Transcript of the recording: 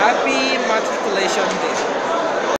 Happy Matriculation Day.